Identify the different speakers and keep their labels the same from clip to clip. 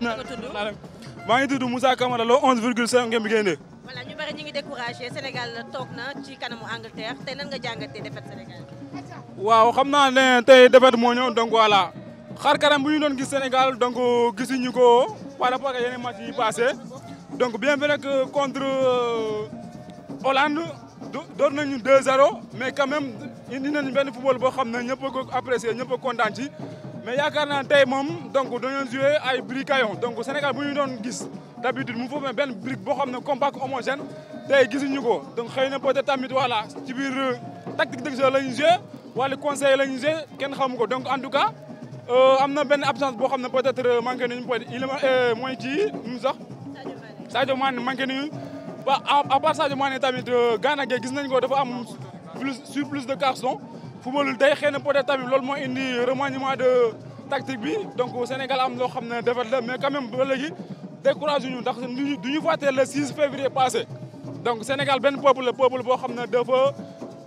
Speaker 1: maa ngi tudd Moussa Camara loo 11 virgule 5 ngeen bi génne.
Speaker 2: voilà ñu bari ñu ngi découragé Sénégal toog na ci kanamu Angleterre tey nan nga jàngatee défaite Sénégal.
Speaker 1: waaw xam naa ne tey défaite moo ñëw donc voilà xar kanam bu ñu doon gis Sénégal donc gisuñu ko par rapport ak yeneen match yi passé donc bien vrai que contre euh, Hollande door nañu 2-0 mais quand ñu indi nañu benn football boo xam ne ñëpp ko apprécié ñëpp a kontaan ci. mais yaakaar naa tey moom donc dañoo joué ay bricaillons donc Sénégal bu ñu doon gis d'habitude mu foofu benn brique boo xam ne compact homogène tey gisuñu ko donc xëy na peut-être tamit voilà ci biir euh, tactique de jeu la wala conseil la ñu kenn xam ko donc en tout cas euh, am na benn absence boo xam ne peut-être euh, manqué nañu peut il mooy mu sax Sadio Mané manqué nañu ba à part Sadio tamit Gana Gueye gis nañ ko dafa am plus sur plus de carton fubalul day xëy na peut tamit loolu moo indi remaniement de tactique bi donc Sénégal am loo xam ne défaite la mais quand même ba léegi ñu ndax du ñu voté le 6 février passé donc Sénégal benn peuple la peuple boo xam ne dafa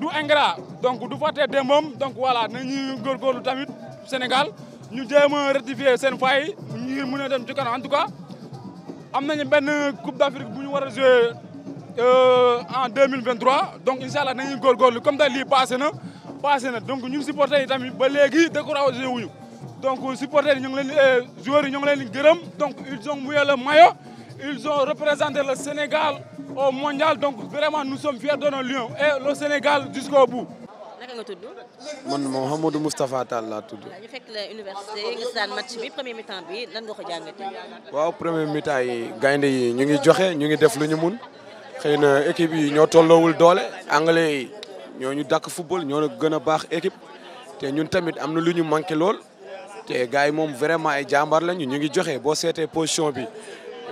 Speaker 1: du ingrat donc du voté démbam donc voilà nañu góorgóorlu tamit Sénégal ñu jéem a rectifier seen faay ngir mën a dem ci kanam en tout cas am nañu benn coupe d'Afrique bu ñu war a joué euh, en 2023 donc incha allah nañu góorgóorlu comme daal lii passé na passé na donc ñun supporters yi tamit ba léegi découragé wuñu donc supporters yi ñu ngi leen di euh, joueurs yi ñu ngi di gërëm donc ils ont mouillé le maillot ils ont représenté le Sénégal au mondial donc vraiment nous sommes fiers de nos lions et le Sénégal jusqu'au bout.
Speaker 2: naka nga tudd. man la université nga
Speaker 3: waaw premier mi yi gaynde yi ñu ngi joxe ñu ngi def lu ñu mun xëy na équipe yi ñoo tollowul doole anglais yi. ñoo ñu dàkk football ñoo gën a baax équipe te ñun tamit am na lu ñu manqué lool te gars yi moom vraiment ay jàmbaar lañu ñu ngi joxe boo seetee position bi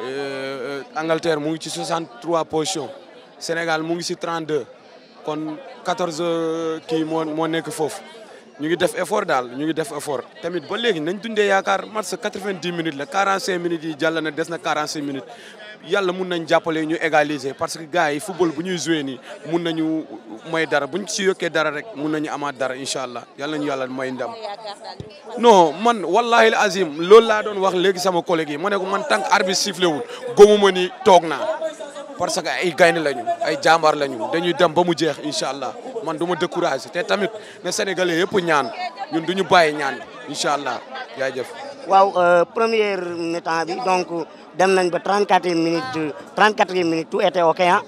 Speaker 3: euh, euh, Angleterre mu ngi ci 63 position Sénégal mu ngi ci 32 kon 14 euh, kii moo moo nekk foofu ñu ngi def effort daal ñu ngi def effort tamit ba léegi nañ dundee yaakaar match 90 minutes la 45 minutes yi jàll na des na 45 minutes yàlla mun nañ jàppale ñu égaliser parce que gars yi football bu ñuy joué nii mun nañu may dara buñ si yokkee dara rek mun nañu amaat dara incha allah yàlla nañu yàlla may ndam. non man wallahi azim loolu laa doon wax léegi sama collègue yi ma ne ko man tant que arbitre sifflé wul ni toog naa parce que ay gaynde lañu ay jàmbaar lañu dañuy dem ba mu jeex incha allah man du ma découragé te tamit ne sénégalais yëpp ñaan ñun du ñu bàyyi ñaan incha allah jaajëf. waaw euh,
Speaker 2: première mi bi donc dem nañ ba 34e minute 34e minute tout était ok ah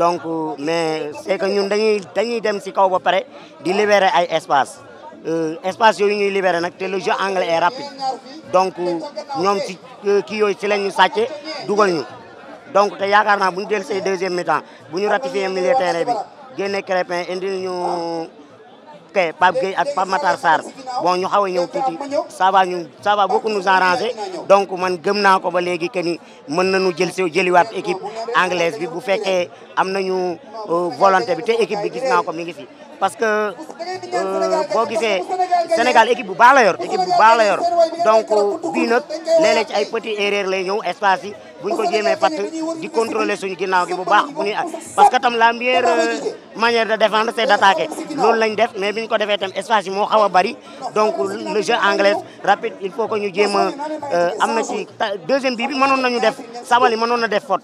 Speaker 2: donc mais c'est que ñun dañuy dañuy dem si kaw ba pare di libérer ay espace euh, espace yooyu ñuy libéré nag te le jeu anglais est rapide donc ñoom ci euh, kii yooyu ci la ñu sàcce dugal ñu donc te yaakaar naa bu ñu dellu sey deuxième mi bu ñu ratifié milieu terrain bi génne Crépin indi ñu ok Pape Gueye ak Pape Matar Sarr bon ñu xaw a ñëw tuuti ça va ñu ça va beaucoup nous arranger donc man gëm naa ko ba léegi que ni mën nañu jël si jëliwaat équipe anglaise bi bu fekkee am nañu euh, volonté bi te équipe bi gis naa ko mi ngi fi. parce que euh, boo gisee Sénégal équipe bu baax la yor équipe bu baax la yor donc bii nag léeg-léeg ay petit erreur lay ñëw espace yi bu ñu ko jéemee fatt di contrôler suñu ginnaaw gi bu baax bu ñuy parce que tam la meilleure euh, manière de défendre c'est d'attaquer loolu lañ def mais bi ko defee tam espace yi moo xaw a bari donc le jeu anglais rapide il faut que ñu jéem a euh, am na ci deuxième bii bi mënoon nañu def Sabaly mënoon na def faute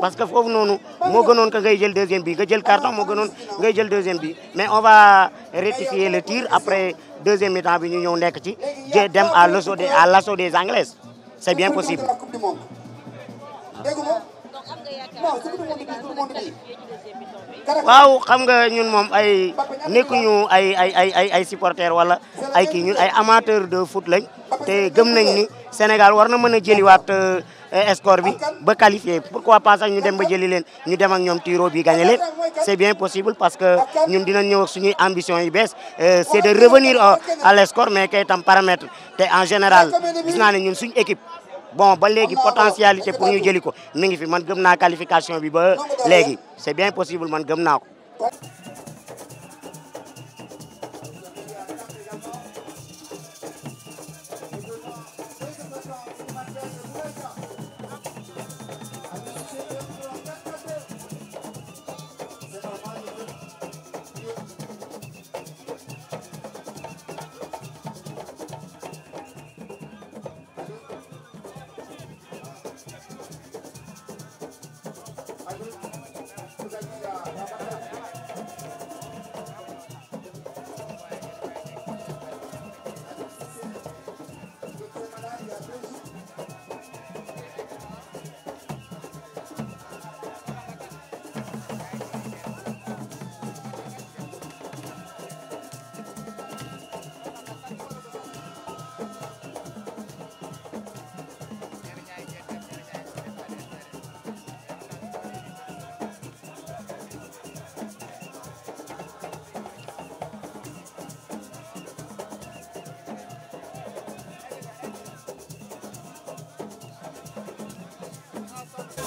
Speaker 2: parce que foofu noonu moo gënoon que ngay jël deuxième bi nga jël carton moo gënoon ngay jël deuxième bi mais on va rectifier le tir après deuxième mi-temps bi ñu ñëw nekk ci je dem à laso de à l'assaut des anglaises c'est bien possible waaw xam nga ñun moom ay nekkuñu ay ay ay ay ay supporters wala ay kii ñun ay amateurs de foot lañ te gëm nañ ni Sénégal war na mën a jëliwaat euh, Eh, score bi ba qualifié pourquoi pas sax ñu dem ba jëli leen ñu dem ak ñoom tiro bi gagné leen c'est bien possible parce que ñun dinañ ñëw ak suñuy ambition yi bees eh, c'est de revenir à l'escore mais kay tam paramètre te en général gis naa ne ñun suñu équipe bon ba léegi potentialité pour ñu jëli ko mi ngi fi man gëm naa qualification bi ba léegi c'est bien possible man gëm naa ko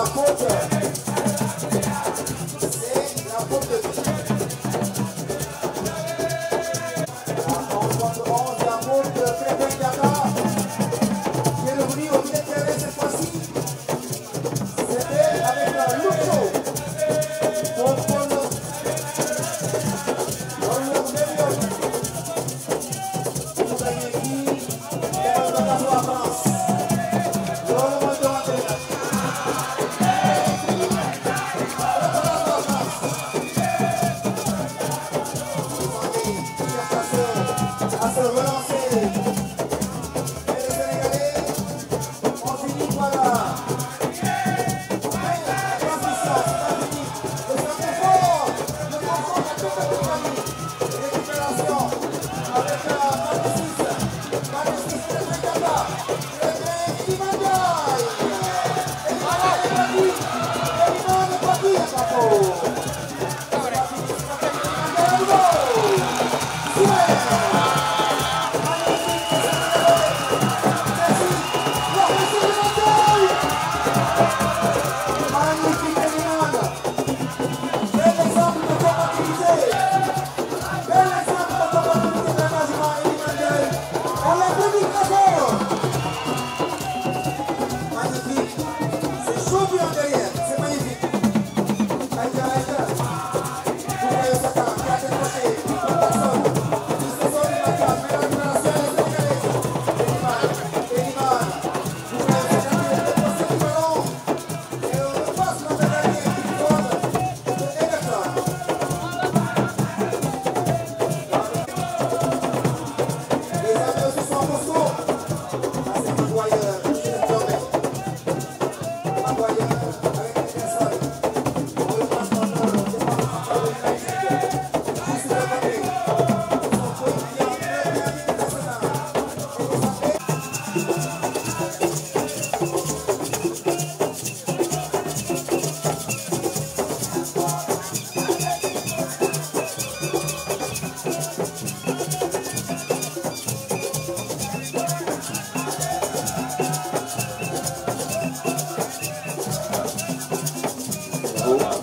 Speaker 1: Makote.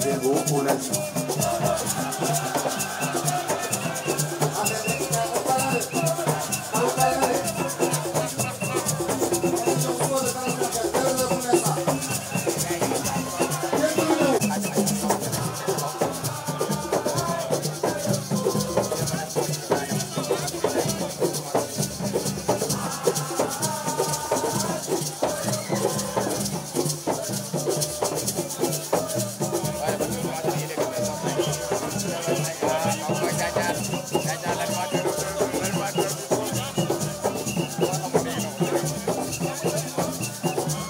Speaker 2: de Bobo Nacho.